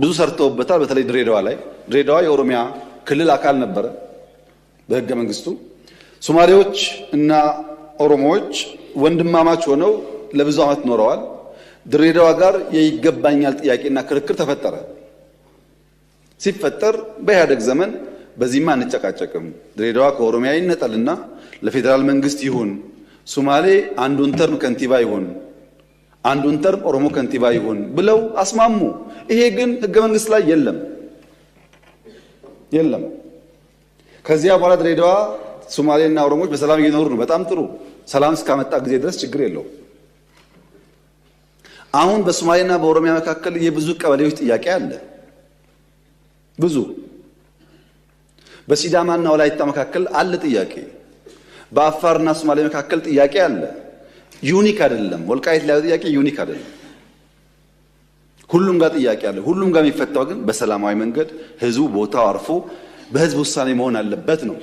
ብዙ ሰርተውበታል። በተለይ ድሬዳዋ ላይ ድሬዳዋ የኦሮሚያ ክልል አካል ነበረ በህገ መንግስቱ። ሶማሌዎች እና ኦሮሞዎች ወንድማማች ሆነው ለብዙ ዓመት ኖረዋል። ድሬዳዋ ጋር የይገባኛል ጥያቄና ክርክር ተፈጠረ። ሲፈጠር በኢህአደግ ዘመን በዚህማ አንጨቃጨቅም፣ ድሬዳዋ ከኦሮሚያ ይነጠልና ለፌዴራል መንግስት ይሁን፣ ሶማሌ አንዱን ተርም ከንቲባ ይሁን አንዱን ተርም ኦሮሞ ከንቲባ ይሁን ብለው አስማሙ። ይሄ ግን ህገ መንግስት ላይ የለም የለም። ከዚያ በኋላ ድሬዳዋ ሶማሌና ኦሮሞዎች በሰላም እየኖሩ ነው። በጣም ጥሩ። ሰላም እስካመጣ ጊዜ ድረስ ችግር የለውም። አሁን በሶማሌና በኦሮሚያ መካከል የብዙ ቀበሌዎች ጥያቄ አለ። ብዙ በሲዳማና ወላይታ መካከል አለ ጥያቄ። በአፋርና ሶማሌ መካከል ጥያቄ አለ። ዩኒክ አይደለም። ወልቃይት ላይ ጥያቄ ዩኒክ አይደለም። ሁሉም ጋር ጥያቄ አለ። ሁሉም ጋር የሚፈታው ግን በሰላማዊ መንገድ ህዝቡ ቦታው አርፎ በህዝብ ውሳኔ መሆን አለበት ነው።